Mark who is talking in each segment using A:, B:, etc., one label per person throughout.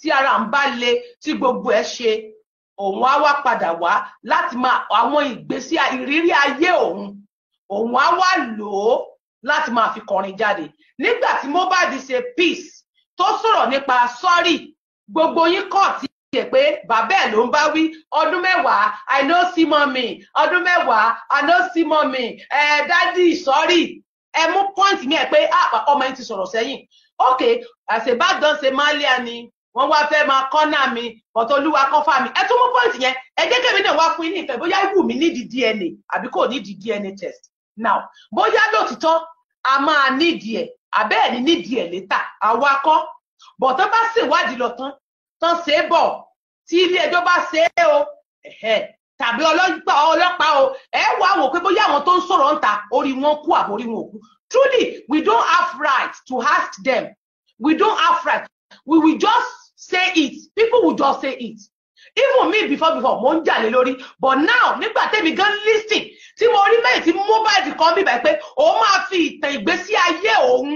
A: tí ara ń bá le tí gbogbo ẹ ṣe òun á wá padà wá láti máa àwọn ìgbésí ìrírí ayé òun òun á wá lò ó láti máa fi kọrin jáde nígbà tí Mohbad ṣe peace tó sọ̀rọ̀ nípa sọ́rí gbogbo yín kọ̀ tí ṣe pé bàbá ẹ̀ ló ń bá wí ọdún mẹ́wàá I no see mommy ọdún mẹ́wàá I no see mommy ẹ dádì sọ́rí ẹ mú pọ́ǹtì mi ẹ̀ pé ah, ọmọ yín ti sọ̀rọ̀ sẹ́yìn ok àṣebá dán ṣe máa lé ẹni wọ́n wá fẹ́ máa kọ́nà mi bọ̀tọ̀ olúwa kọ́fà mi ẹ tún mú pọ́ǹtì yẹn ẹ jẹ́ náà wá fún yín ní bóyá ìwù mi nídìí DNA àbí kò nídìí DNA test now bóyá lóòtítọ́ a máa nídìí ẹ̀ àbẹ́ẹ̀ ni nídìí ẹ̀ létà àwa kọ́ bọ̀tọ́ bá ṣèwádìí lọ tán tán ṣe é bọ̀ tí ilé ẹjọ́ bá ṣe é o tàbí ọlọ́pàá o ẹ wá wò pé bóyá àwọn tó ń sọ̀rọ̀ ń ta orí wọn kú àbórí wọn kú truly we don't have right to ask them we don't have right we will just say it people will just say it even me before before mo ń jàlé lórí but now nígbà tẹ́mi gan listing tí mo rí mẹ́rin tí mobile kan bíbẹ̀ pé òun máa fi ìtàn ìgbésí ayé òun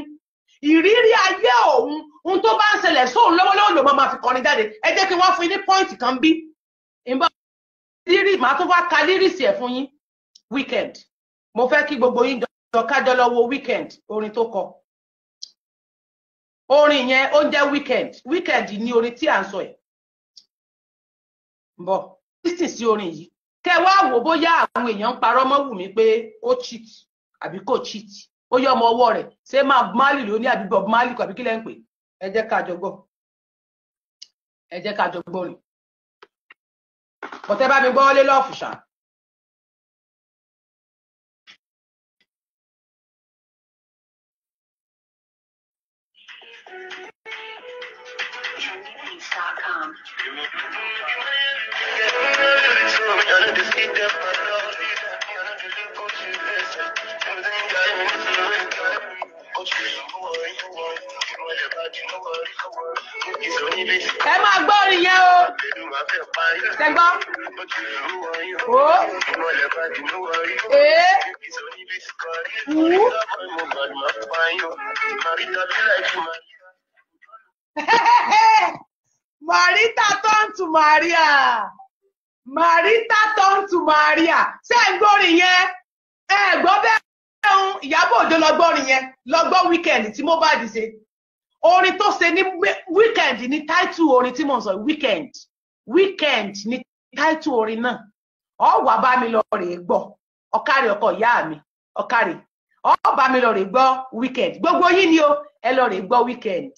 A: ìrírí ayé òun ohun tó bá ń ṣẹlẹ̀ sóun lọ́wọ́lọ́wọ́ ló máa fi kọrin jáde ẹ jẹ́ kí wọ́n fún yín ní pọ́ìntì kan bí ìbá rírì màá tún wá ka lírìsì ẹ̀ fún yín weekend mo fẹ́ kí gbogbo yín jọ kájọ weekend orin tó kọ. orin yẹn ó jẹ́ weekend weekend ni orin tí à ń sọ ẹ̀ bọ orin yìí kẹ wá wò bóyá àwọn èèyàn parọ mọ wù Wùmí pé ó cheat àbí kò cheat ó yọ ọmọ ọwọ́ rẹ̀ ṣé máa Marley ní àbí Bob Marley kọ àbí kí ń pè ẹ ká jọ ẹ TrendingThings.com. ẹ máa gbọ́ orin yẹn o ṣẹgbọ́n Marita turn to Maria. Marita turn to Maria. Ṣé yẹn? Ẹ gbọ́ bẹ́ẹ̀ ń Ìyábọ̀ yẹn weekend tí Orin tó ní weekend ní táìtù orin tí mo sọ weekend weekend ní táìtù orin náà. Ó wá lọ rèé gbọ́. Ọ̀kárí ọkọ mi. ọ̀kàrẹ̀ ọba mi lọ rè gbọ́ weekend gbogbo yín ni o ẹ lọ rè gbọ́ weekend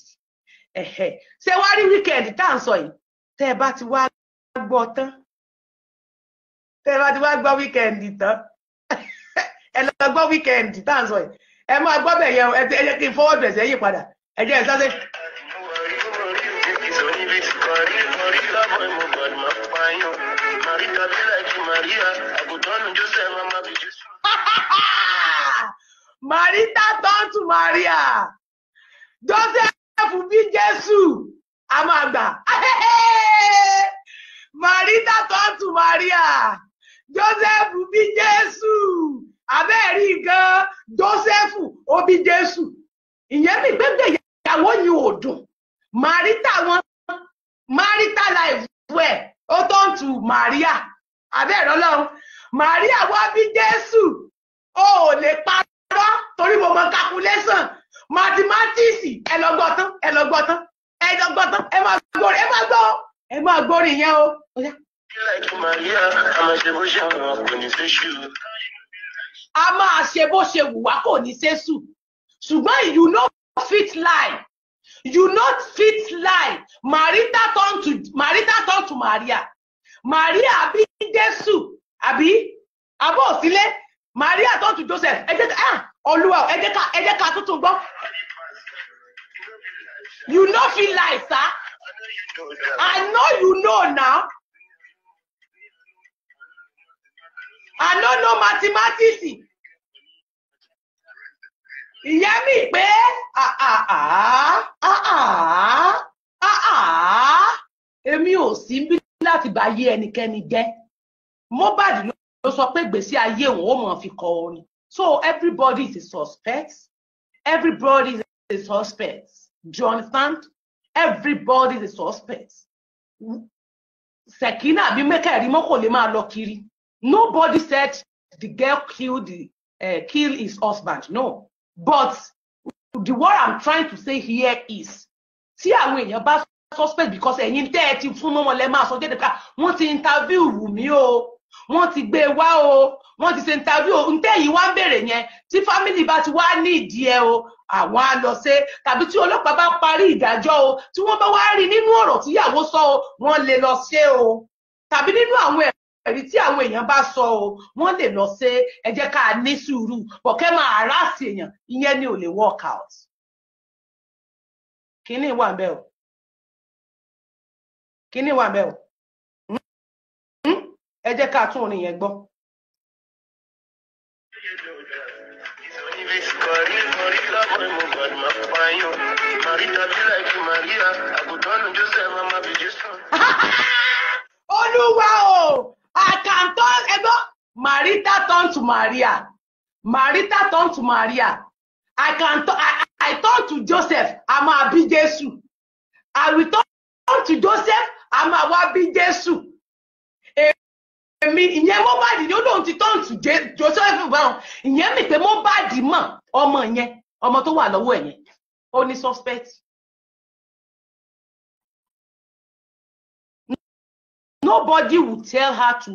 A: ṣé wá rí weekend tá à ń sọ yìí tẹ́ ẹ bá ti wá gbọ́ tán tẹ́ ẹ bá ti wá gbọ́ weekend tán ẹ lọ gbọ́ weekend tá à ń sọ yìí ẹ máa gbọ́ bẹ̀ yẹn ẹ jẹ́ kí n fọwọ́ bẹ̀ sẹ́yìn padà ẹ jẹ́ ẹ sáré. Maria Joseph bí Jésù a máa gbà Marita tọ́tù Maria Joseph bí Jésù abẹ́ẹ̀rí gan Joseph ó bí Jésù ìyẹn ní gbẹ́gbẹ́ ìyàwó yìí ò dùn Marita wọn Marita life wẹ̀ ó tọ́tù Maria abẹ́ẹ̀rọ̀ lọ́run Maria wá bí Jésù ó lè pa torí mo mọ calculation mathematics ẹ lọ gbọ́ tán ẹ lọ gbọ́ tán ẹ lọ gbọ́ tán ẹ máa gbórí ẹ máa gbọ́ ẹ máa gbórí yẹn o. a máa ṣe bó ṣe wù wá kò ní ṣẹ́sù ṣùgbọ́n you no fit lie you no fit lie marita turn to marita turn to maria maria abi jésù abi abo òsílẹ̀ maria turn to joseph ẹ jẹ́ ah olúwa ẹ jẹ́ tuntun gbọ́. you no fit lie sir i know you know now. i no know mathematics. ìyẹn mi pé ah, ah, ah, èmi ò sí bí láti bá yé ẹnikẹ́ni jẹ́ Mohbad ló sọ pé gbèsè ayé òun ó mọ̀ fi kọ orin So everybody is a suspect. Everybody is a suspect. Do you understand? Everybody is a suspect. Sekina àbí Mẹ́kẹ̀rìmọ́ kò lè máa lọ kiri. Nobody said the girl killed the uh, kill his husband. No. But the what I'm trying to say here is tí àwọn èèyàn bá suspect because ẹ̀yin tẹ́ ẹ ti fún mọ́ wọn lẹ́ máa sọ jẹ́ dẹ́ka wọ́n ti interview wù mí wọ́n ti gbé e wá o wọ́n ti ṣe interview o ntẹ́ yìí wá ń bèrè yẹn tí family bá ti wá ní ìdí ẹ o àwọn á lọ ṣe tàbí tí ọlọ́pàá bá parí ìdájọ́ o tí wọ́n bá wá rí nínú ọ̀rọ̀ tíyàwó sọ o wọ́n lè lọ ṣe o tàbí nínú àwọn ẹ̀rọ ẹ̀rí tí àwọn èèyàn bá sọ o wọ́n lè lọ ṣe ẹ jẹ́ ká ní sùúrù bọ̀kẹ́ máa harassment èèyàn ìyẹn ni ò lè work out. kínní wà ń bẹ̀ o kínní wà ń o ẹ jẹ́ ká tún orin yẹn gbọ́. Maria, Olúwa o, àkàntọ́ ẹgbọ́, Marita turn to Maria, Marita turn to Maria, àkàntọ́ I, I turn to Joseph, a máa bí Jésù, I will turn to Joseph, a máa wá bí Jésù èmi ìyẹn Mohbad ni ó lóun ti tọ́ǹ tù Joseph brown ìyẹn mi pé Mohbad mọ̀ ọmọ yẹn ọmọ tó wà lọ́wọ́ ẹ̀ yẹn ó ní suspect. nobody would tell her to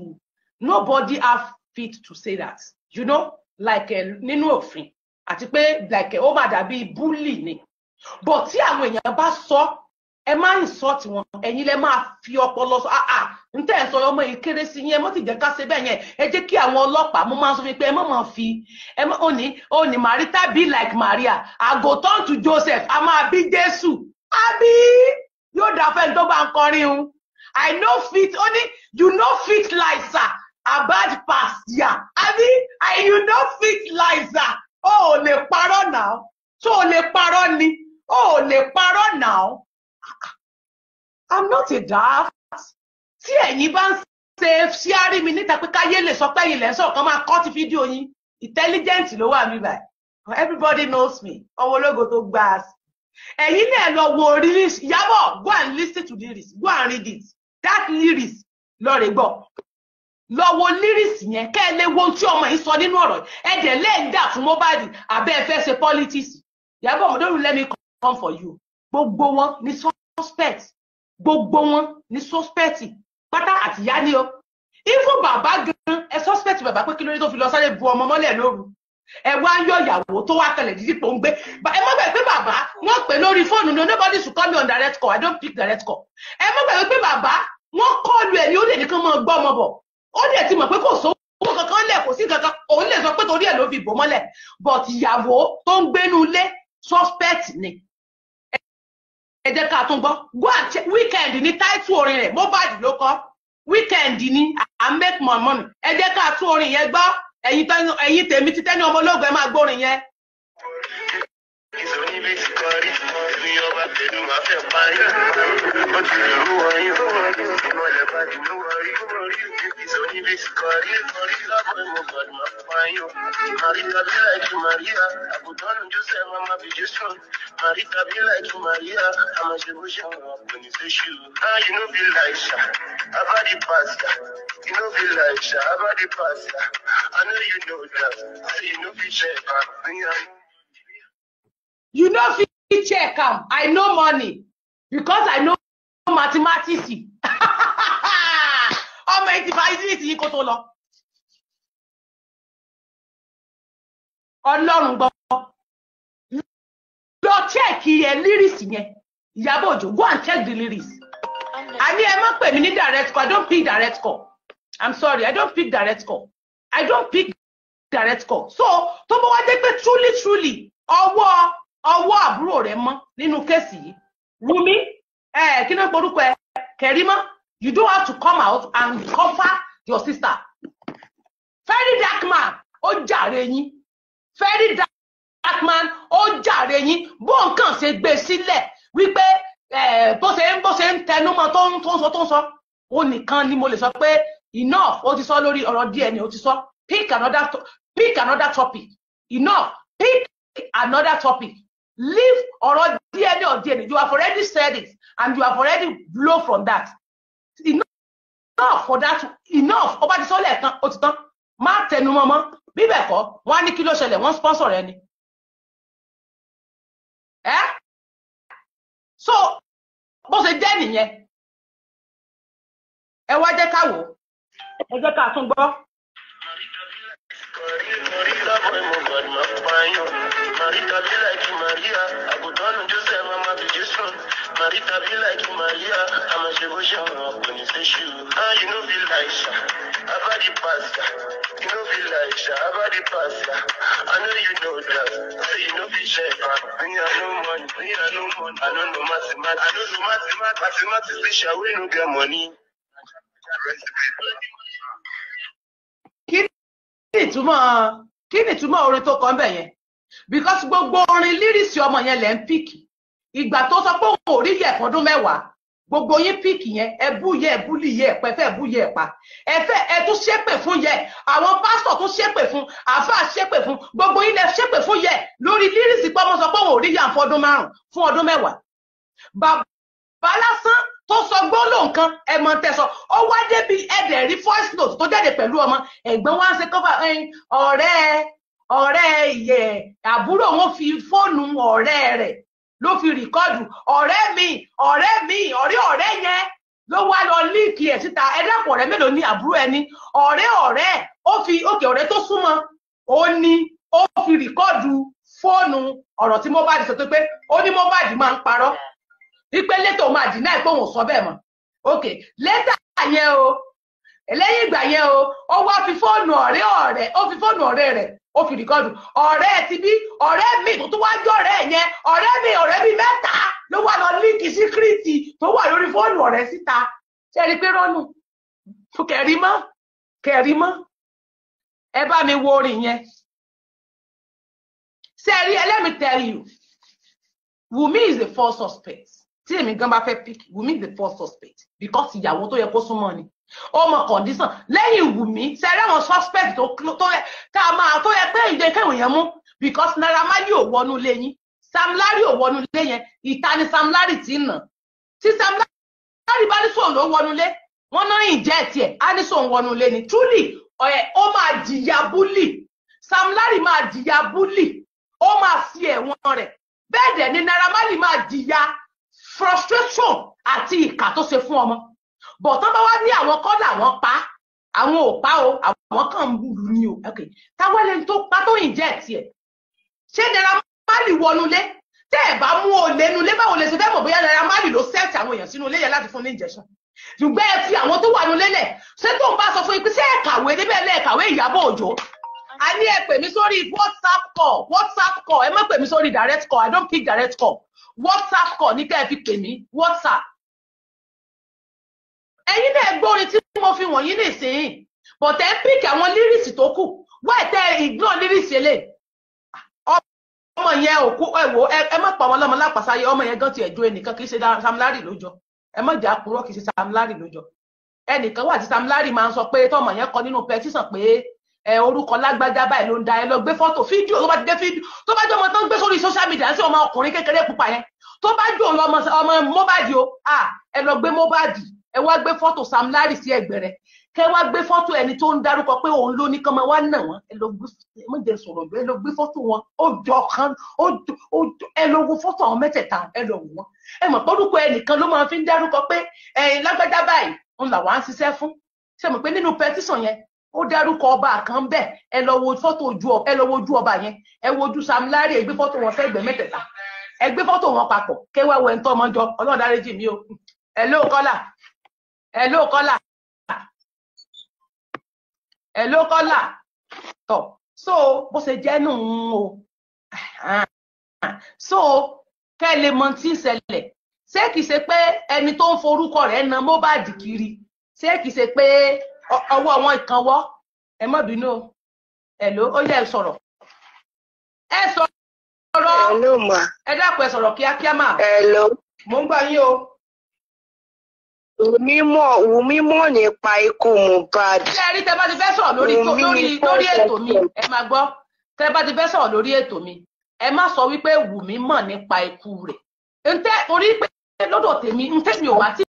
A: nobody have fit to say that you know like eh, nínú òfin àti pé like eh, ó mà dàbí bully ni but tí àwọn èèyàn bá sọ. So, ẹ má insult wọn ẹ̀yin lẹ máa fi ọpọlọ sọ ah ah n tẹ́ ẹ̀ sọ ọmọ yìí kéré sí yẹn mọ́ ti jẹ́ ká ṣe bẹ́ẹ̀ yẹn ẹ jẹ́ kí àwọn ọlọ́pàá mo máa ń sọ fún yín pé ẹ má máa fi ẹ má òní òní marita be like Maria I go turn to Joseph a máa bí Jésù àbí yóò dà fẹ́ni tó bá ń kọrin un I no fit only you no fit Liza. sir abad pass ya Abi, I you no fit Liza. sir o ò lè parọ́ náà tó o lè parọ́ ni o ò lè parọ́ náà i'm not a daft tí ẹ̀yin bá ń ṣe ṣíárì mi níta pé káyé lè sọ pé ẹ̀yin lẹ́ sọ̀kan máa kọ́ ti fídíò yín intelligent ló wà mí báyìí everybody knows me ọwọ́ ológo tó gbà á sí ẹ̀yin náà lọ wo release Ìyábọ̀ go and listen to the lyrics go and read it that lyrics lọ́ọ̀rẹ́ gbọ́ lọ wo lyrics yẹn kẹ́ ẹ lè wo tí ọmọ yìí sọ nínú ọ̀rọ̀ ẹ dẹ̀ lẹ́ẹ̀dà fún Mohbad abẹ́ ẹ fẹ́ ṣe politics Ìyábọ̀ ọmọdé òun let me come for you gbogbo wọn ní sọ suspect gbogbo wọn ní suspect pátá àti ìyá ni o ifo bàbá gan ẹ suspect bàbá pé kí ló ní tó fi lọ sáré bu ọmọ mọ́lẹ̀ lóru ẹ wá ń yọ ìyàwó tó wá tẹ́lẹ̀ dídí pò ń gbé ẹ mọ̀ gbàgbé bàbá wọ́n pè lórí fóònù ní nobody should call me on direct call i don't pick direct call ẹ mọ̀ gbàgbé bàbá wọ́n kọlu ẹ̀ ní ó lè nìkan máa gbọ́ ọmọ bọ̀ ó lè ti mọ̀ pé kò sówó owó kankan lẹ̀ kò sí kankan òun lè sọ pé torí ẹ̀ ló fi bò mọ́lẹ̀ but ìyàwó tó ń gbénu ilé suspect ni ẹ ká tún gbọ́ go and check weekend ní táìtù orin rẹ̀ Mohbad ló kọ weekend ní i make my money ẹ jẹ́ ká tún orin yẹn gbọ́ ẹ̀yin tèmi ti tẹ́ni ọmọ ológun máa gbórin yẹn. ìsọ̀rí ilé Mayo, Marita be like Maria, I could not just say Mama be just one. Marita be like Maria, I'm a devotion when you say you. Ah, you know be like Sha, about the pastor. You know be like Sha, about the pastor. I know you know that. Say you know be check You know fit check am. I know money because I know mathematics. Ọmọ ẹ ti fa ìdílé ti yín kó tó lọ. ọlọ́run gbọ́ lọ chẹ́ẹ̀kì ẹ lyrics yẹn Ìyábọ̀ Òjó go and check the lyrics àní ẹ má pè mí ní direct call I don't pick direct call I'm sorry I don't pick direct call I don't pick direct call so tó bá wá dé pé truly truly ọwọ́ ọwọ́ àbúrò rẹ mọ́ nínú kéèsì yìí Wumi ẹ kí náà porúkọ ẹ Kẹrìmọ you don't have to come out and cover your sister very dark man ó jàre yín very dark man ó jàre yín bó nǹkan ṣe gbé sílẹ̀ wípé eh, bó ṣe ń bó ṣe ń tẹnumọ́ tó ń tó ń sọ tó ń sọ ó nìkan ni mo lè sọ pé enough ó ti sọ lórí ọ̀rọ̀ díẹ̀ ni ó ti sọ pick another pick another topic enough pick another topic leave ọ̀rọ̀ díẹ̀ ní ọ̀dí ẹni you have already said it and you have already blow from that enough for that enough ọba ti sọ lẹ́ẹ̀kan ó ti tán má tẹnu mọ́ mọ́ bíbẹ̀ kọ́ wọ́n á ní kí ló ṣẹlẹ̀ wọ́n sponsor rẹ ni. ẹ́ so bó ṣe jẹ́ nìyẹn ẹ wá jẹ́ ká wò ẹ jẹ́ ká tún gbọ́. Maria, Maria, Maria, Maria, Maria, Maria, Maria, Maria, Maria, Maria, Marita be like Maria, I'm a devotion when you say Ah, you know, be like Sha, about the pasta. You know, be like Sha, about the pasta. I know you know that. Say, you know, be Shepa. We are no money, we are no money. I don't know Massima, I don't know Massima, Massima is the we no get money. Kí ni ìtumọ̀ orin tó kọ́ ń bẹ̀ yẹn? Because gbogbo orin lírìsì ọmọ yẹn lẹ́ ń pìkì ìgbà tó sọ pé òun ò rí yẹ ẹ̀fọ́dún mẹ́wàá gbogbo yín píìkì yẹn ẹ bú yẹ ẹ búlì yẹ ẹpẹ fẹ bú yẹ ẹpa ẹ fẹ ẹ tún ṣépè fún yẹ àwọn pásítọ̀ tún ṣépè fún àáfàá ṣépè fún gbogbo yín lẹ ṣépè fún yẹ lórí lírísì pé ọmọ sọ pé òun ò rí yà fún ọdún márùn fún ọdún mẹ́wàá bàbá lásán tó sọ gbólóhùn kan ẹ mọ tẹsọ ó wá débi ẹdẹ rí voice note tó jáde pẹ̀lú ọmọ ẹ̀gbọ́n wá ń ṣe kọfà ọ̀rẹ́ ọ̀rẹ́ yẹ àbúrò wọn fi fóònù ọ̀rẹ́ rẹ̀ ló fi rìkọ́dù ọ̀rẹ́ mi ọ̀rẹ́ mi ọ̀rẹ́ ọ̀rẹ́ yẹn ló wá lọ líìkì ẹ̀ síta ẹ dápọ̀ ọ̀rẹ́ mélòó ní àbúrò ẹni ọ̀rẹ́ ọ̀rẹ́ ó fi òkè ọ̀rẹ́ tó súnmọ́ ó ní ó fi rìkọ́dù fóònù ọ̀rọ̀ tí Mohbad sọ pé ó ní Mohbad máa ń parọ́ wípé létò máa dì náà pé òun sọ bẹ́ẹ̀ mọ́ ok létà yẹn o eléyìí ìgbà yẹn o ó wá fi fóònù ọ̀rẹ́ ọ̀rẹ́ ó fi fóònù ọ̀rẹ́ rẹ̀ ó fi rìkọ́dù ọ̀rẹ́ ti bí ọ̀rẹ́ mi tó tún wájú ọ̀rẹ́ yẹn ọ̀rẹ́ mi ọ̀rẹ́ mi mẹ́ta ló wà lọ líǹkì síkírìtì tó wà lórí fóònù ọ̀rẹ́ síta ṣe rí pé rọ́nù kẹ̀rí mọ́ kẹ̀rí mọ́ ẹ bá mi wo orin yẹn ṣe rí ẹlẹ́mi tell you Wumi is the first suspect tí èmi gan bá fẹ́ pick Wumi is the first suspect because ìyàwó tó yẹ kó súnmọ́ ni ọmọ kọ̀ǹdísàn lẹ́yìn Wùmí sẹ́rẹ́ àwọn suspect tó yẹ tá a máa tó yẹ pé ìdè kẹwìn yẹn mú because Naira Marley ò wọnú ilé yín Sam Larry ò wọnú ilé yẹn ìta ni Sam Larry ti nà tí Sam Larry bá ní sóun ló wọnú ilé wọn náà ìjẹ́ tiẹ̀ á ní sóun wọnú ilé ni truly ó máa jìyà búlì Sam Larry máa jìyà búlì ó máa fi ẹ̀wọ̀n rẹ̀ bẹ́ẹ̀ dẹ̀ ni Naira Marley máa jìyà frustration àti ìkà tó ṣe fún ọmọ bọ̀ tán bá wá ní àwọn kọ́ làwọn pa àwọn ò pa o àwọn kan ń lù ní o táwọn ẹlẹ́ni tó pa tó yìn jẹ́ tiẹ̀ ṣé Naira Marley wọnulé tẹ́ ẹ̀ bá mú olè nulé báwo lè ṣe fẹ́ mọ̀ bóyá Naira Marley ló sẹ́ẹ̀tì àwọn èèyàn sínú ilé yẹn láti fún ní injection ṣùgbọ́n ẹ fi àwọn tó wà nulé lẹ̀ ṣé tó ń bá sọ fún yín pé ṣé ẹ kàwé débẹ̀ lẹ́ kàwé Ìyábọ̀ Òjó a ní ẹ pè mí sórí WhatsApp call WhatsApp call ẹ má pè mí sórí direct call I don't pick direct call WhatsApp call ní ká ẹ fi pè mí WhatsApp ẹ̀yin náà gbọ́ orin tí mo fi wọ̀nyí nìsín bọ̀tẹ́ ń pìkì àwọn lírìsì tó kù wọ́n ẹ̀ tẹ́ ìgbọ́n lírìsì elé ọmọ yẹn òkú ẹ wò ẹ má pa àwọn ọlọ́mọ lápàsáyé ọmọ yẹn gan ti ẹ̀jọ́ ẹnìkan kì í ṣe Sam Larry lójọ ẹ má jà kúrọ́ kì í ṣe Sam Larry lójọ ẹnìkan wà tí samlari Larry máa ń sọ pé tọmọ yẹn kọ nínú pẹtísàn pé ẹ orúkọ lágbájá báyìí ló ń da ẹ lọ gbé fọ́tò fídíò tó bá ti dé fídíò tó bá jẹ ọmọ tó ń gbé sórí social media sí ọmọ ọkùnrin kékeré pupa yẹn tó bá jù ọmọ Mohbad o ẹ lọ gbé Mohbad ẹ wá gbé fọ́tò Sam Larry sí ẹgbẹ̀rẹ̀ kẹ wá gbé fọ́tò ẹni tó ń darúkọ pé òun ló ní kánmọ́ wá nà wọ́n ẹ lọ gbé méje sọ̀rọ̀ jọ ẹ lọ gbé fọ́tò wọn ó jọ kan ó jọ ẹ lọ wo fọ́tò àwọn mẹ́tẹ̀ẹ̀ta ẹ lọ wò wọ́n ẹ mọ̀ pọ́dúkọ ẹnìkan ló máa fi ń darúkọ pé ẹ̀yin lágbájá báyìí ń là wá ń ṣiṣẹ́ fún ṣe mọ̀ pé nínú pẹtísàn yẹn ó dárúkọ ọba kan bẹ́ẹ̀ ẹ lọ wo fọ́tò ojú ẹ lọ wo ojú ọba yẹn ẹ wo ojú Sam Larry ẹ gbé fọ́tò wọn sẹ́gbẹ̀ẹ́ mẹ́tẹ̀ẹ̀ta ẹ gbé fọ́tò wọn papọ̀ kẹwàá wẹ̀ ń tọ́ hello kọ́là hello kọ́là So, so bó ṣe jẹ́ nù ń o so kẹ́ lè mọ tí ń ṣẹlẹ̀ ṣé kìí ṣe pé ẹni tó ń forúkọ rẹ̀ na Mohbad kiri ṣé kìí ṣe pé ọwọ́ wọn ìkanwọ́ ẹ má bínú o hello ó yẹ ẹ sọ̀rọ̀ ẹ sọ̀rọ̀ ẹ dákun ẹ sọ̀rọ̀ kíákíá mà mo ń gbà yín Wùmí mọ̀ Wùmí mọ̀ nípa ikú Mohbad. Ṣé ẹ rí tẹ bá ti fẹ́ sọ̀rọ̀ lórí lórí ètò mi? Ẹ máa gbọ́. Tẹ bá ti fẹ́ sọ̀rọ̀ lórí ètò mi. Ẹ má sọ wípé Wùmí mọ̀ nípa ikú rẹ̀. Ntẹ́ orí pé lọ́dọ̀ tèmi ntẹ́ mi ò wá tí